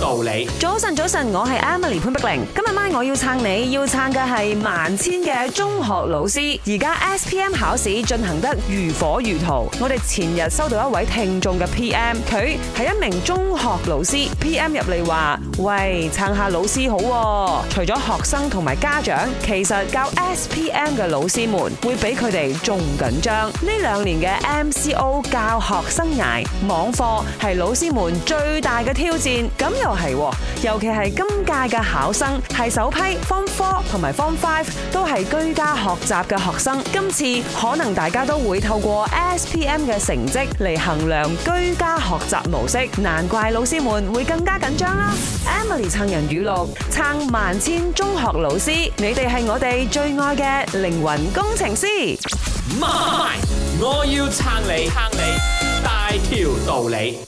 道理，早晨早晨，我係 Emily 潘碧玲。今日晚我要撐你，要撐嘅係萬千嘅中學老師。而家 S P M 考試進行得如火如荼，我哋前日收到一位聽眾嘅 P M，佢係一名中學老師。P M 入嚟話，喂，撐下老師好啊。除咗學生同埋家長，其實教 S P M 嘅老師們會比佢哋仲緊張。呢兩年嘅 M C O 教學生涯，網課係老師們最大嘅挑戰。咁又係，尤其係今屆嘅考生係首批 Form Four 同埋 Form Five 都係居家學習嘅學生，今次可能大家都會透過 SPM 嘅成績嚟衡量居家學習模式，難怪老師們會更加緊張啦。Emily 撐人語錄，撐萬千中學老師，你哋係我哋最愛嘅靈魂工程師。媽咪，我要撐你，撐你大條道理。